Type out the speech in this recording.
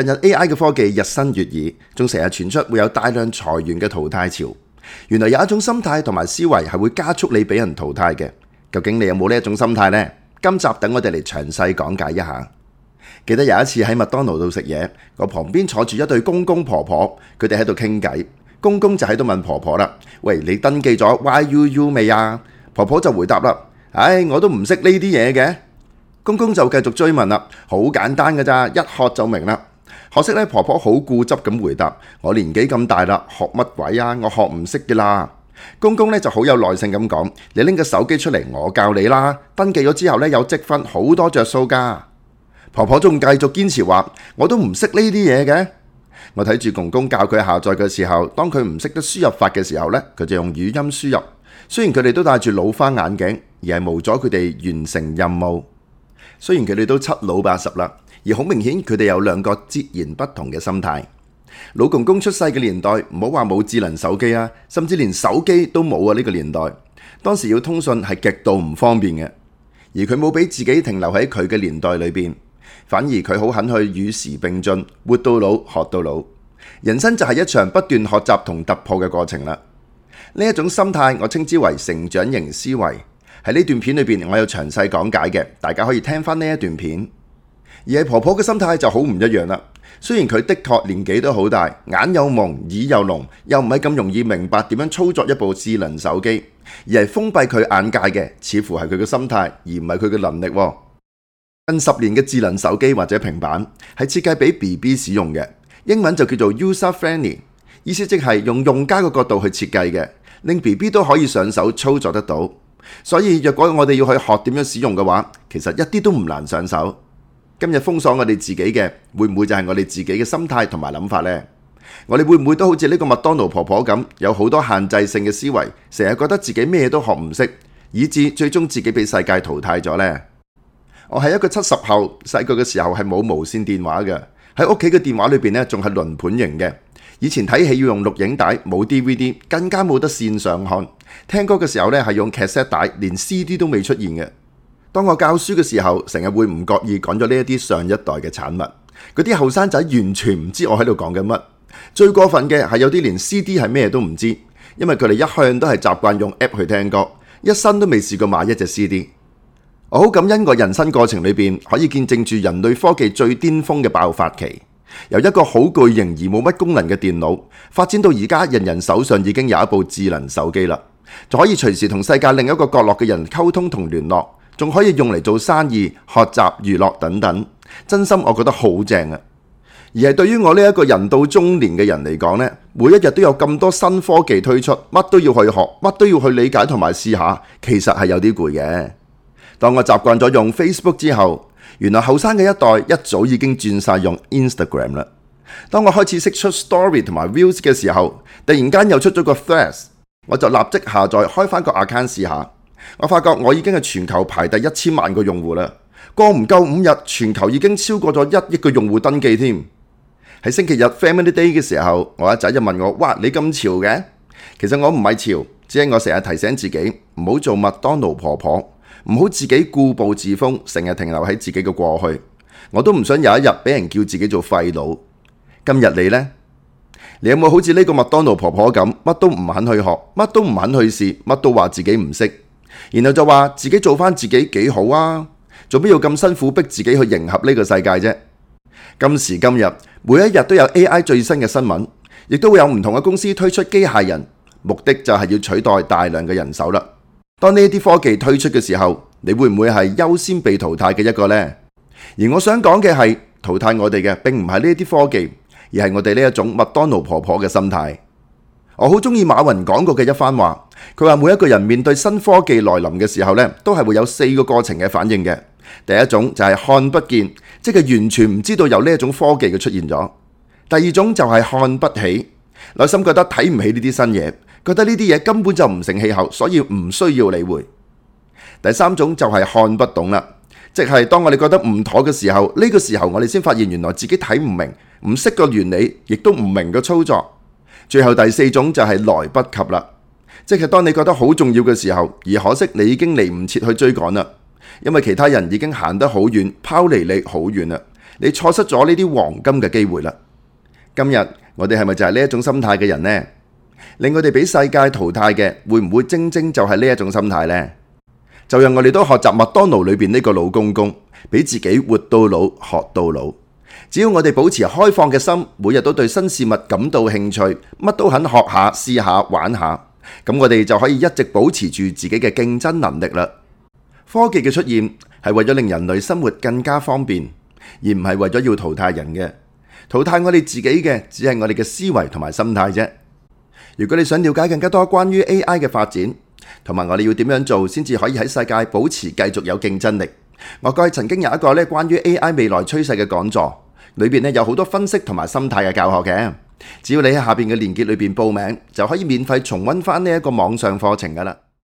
近日 AI 嘅科技日新月異，仲成日傳出會有大量裁員嘅淘汰潮。原來有一種心態同埋思維係會加速你俾人淘汰嘅。究竟你有冇呢一種心態呢？今集等我哋嚟詳細講解一下。記得有一次喺麥當勞度食嘢，我旁邊坐住一對公公婆婆，佢哋喺度傾偈。公公就喺度問婆婆啦：喂，你登記咗 YUU 未啊？婆婆就回答啦：唉、哎，我都唔識呢啲嘢嘅。公公就繼續追問啦：好簡單噶咋，一學就明啦。可惜咧，婆婆好固執咁回答：我年紀咁大啦，學乜鬼啊？我學唔識嘅啦。公公咧就好有耐性咁講：你拎個手機出嚟，我教你啦。登記咗之後咧，有積分，好多着數噶。婆婆仲繼續堅持話：我都唔識呢啲嘢嘅。我睇住公公教佢下載嘅時候，當佢唔識得輸入法嘅時候咧，佢就用語音輸入。雖然佢哋都戴住老花眼鏡，而係冇阻佢哋完成任務。雖然佢哋都七老八十啦，而好明顯佢哋有兩個截然不同嘅心態。老公公出世嘅年代，唔好話冇智能手機啊，甚至連手機都冇啊呢個年代。當時要通訊係極度唔方便嘅，而佢冇俾自己停留喺佢嘅年代裏邊，反而佢好肯去與時並進，活到老學到老。人生就係一場不斷學習同突破嘅過程啦。呢一種心態，我稱之為成長型思維。喺呢段片裏邊，我有詳細講解嘅，大家可以聽翻呢一段片。而係婆婆嘅心態就好唔一樣啦。雖然佢的確年紀都好大，眼又矇，耳又聾，又唔係咁容易明白點樣操作一部智能手機，而係封閉佢眼界嘅，似乎係佢嘅心態，而唔係佢嘅能力。近十年嘅智能手機或者平板係設計俾 B B 使用嘅，英文就叫做 User Friendly，意思即係用用家嘅角度去設計嘅，令 B B 都可以上手操作得到。所以若果我哋要去學點樣使用嘅話，其實一啲都唔難上手。今日封鎖我哋自己嘅，會唔會就係我哋自己嘅心態同埋諗法呢？我哋會唔會都好似呢個麥當勞婆婆咁，有好多限制性嘅思維，成日覺得自己咩都學唔識，以致最終自己俾世界淘汰咗呢？我係一個七十後，細個嘅時候係冇無綫電話嘅，喺屋企嘅電話裏邊呢，仲係輪盤型嘅。以前睇戲要用錄影帶，冇 D V D，更加冇得線上看。聽歌嘅時候咧，係用 Cassette 帶，連 C D 都未出現嘅。當我教書嘅時候，成日會唔覺意講咗呢一啲上一代嘅產物。嗰啲後生仔完全唔知我喺度講緊乜。最過分嘅係有啲連 C D 係咩都唔知，因為佢哋一向都係習慣用 App 去聽歌，一生都未試過買一隻 C D。我好感恩個人生過程裏邊可以見證住人類科技最巔峰嘅爆發期。由一個好巨型而冇乜功能嘅電腦，發展到而家人人手上已經有一部智能手機啦，就可以隨時同世界另一個角落嘅人溝通同聯絡，仲可以用嚟做生意、學習、娛樂等等。真心我覺得好正啊！而係對於我呢一個人到中年嘅人嚟講呢，每一日都有咁多新科技推出，乜都要去學，乜都要去理解同埋試下，其實係有啲攰嘅。當我習慣咗用 Facebook 之後。原來後生嘅一代一早已經轉晒用 Instagram 啦。當我開始識出 Story 同埋 Views 嘅時候，突然間又出咗個 Threads，我就立即下載開翻個 account 試下。我發覺我已經係全球排第一千萬個用戶啦。過唔夠五日，全球已經超過咗一億個用戶登記添。喺星期日 Family Day 嘅時候，我阿仔就問我：「哇，你咁潮嘅？其實我唔係潮，只係我成日提醒自己唔好做麥當勞婆婆婆。唔好自己固步自封，成日停留喺自己嘅過去。我都唔想有一日俾人叫自己做廢佬。今日你呢？你有冇好似呢個麥當勞婆婆咁，乜都唔肯去學，乜都唔肯去試，乜都話自己唔識，然後就話自己做返自己幾好啊？做咩要咁辛苦逼自己去迎合呢個世界啫？今時今日，每一日都有 AI 最新嘅新聞，亦都會有唔同嘅公司推出機械人，目的就係要取代大量嘅人手啦。當呢啲科技推出嘅時候，你會唔會係優先被淘汰嘅一個呢？而我想講嘅係，淘汰我哋嘅，並唔係呢啲科技，而係我哋呢一種麥當勞婆婆嘅心態。我好中意馬雲講過嘅一番話，佢話每一個人面對新科技來臨嘅時候呢，都係會有四個過程嘅反應嘅。第一種就係看不見，即係完全唔知道有呢一種科技嘅出現咗；第二種就係看不起，內心覺得睇唔起呢啲新嘢。覺得呢啲嘢根本就唔成氣候，所以唔需要理會。第三種就係看不懂啦，即係當我哋覺得唔妥嘅時候，呢個時候我哋先發現原來自己睇唔明、唔識個原理，亦都唔明個操作。最後第四種就係來不及啦，即係當你覺得好重要嘅時候，而可惜你已經嚟唔切去追趕啦，因為其他人已經行得好遠，拋離你好遠啦，你錯失咗呢啲黃金嘅機會啦。今日我哋係咪就係呢一種心態嘅人呢？令我哋俾世界淘汰嘅，會唔會正正就係呢一種心態呢？就讓我哋都學習麥當勞裏邊呢個老公公，俾自己活到老學到老。只要我哋保持開放嘅心，每日都對新事物感到興趣，乜都肯學下、試下、玩下，咁我哋就可以一直保持住自己嘅競爭能力啦。科技嘅出現係為咗令人類生活更加方便，而唔係為咗要淘汰人嘅。淘汰我哋自己嘅，只係我哋嘅思維同埋心態啫。如果你想了解更加多關於 AI 嘅發展，同埋我哋要點樣做先至可以喺世界保持繼續有競爭力，我過去曾經有一個咧關於 AI 未來趨勢嘅講座，裏邊咧有好多分析同埋心態嘅教學嘅，只要你喺下邊嘅鏈接裏邊報名，就可以免費重溫翻，呢一個網上課程噶啦。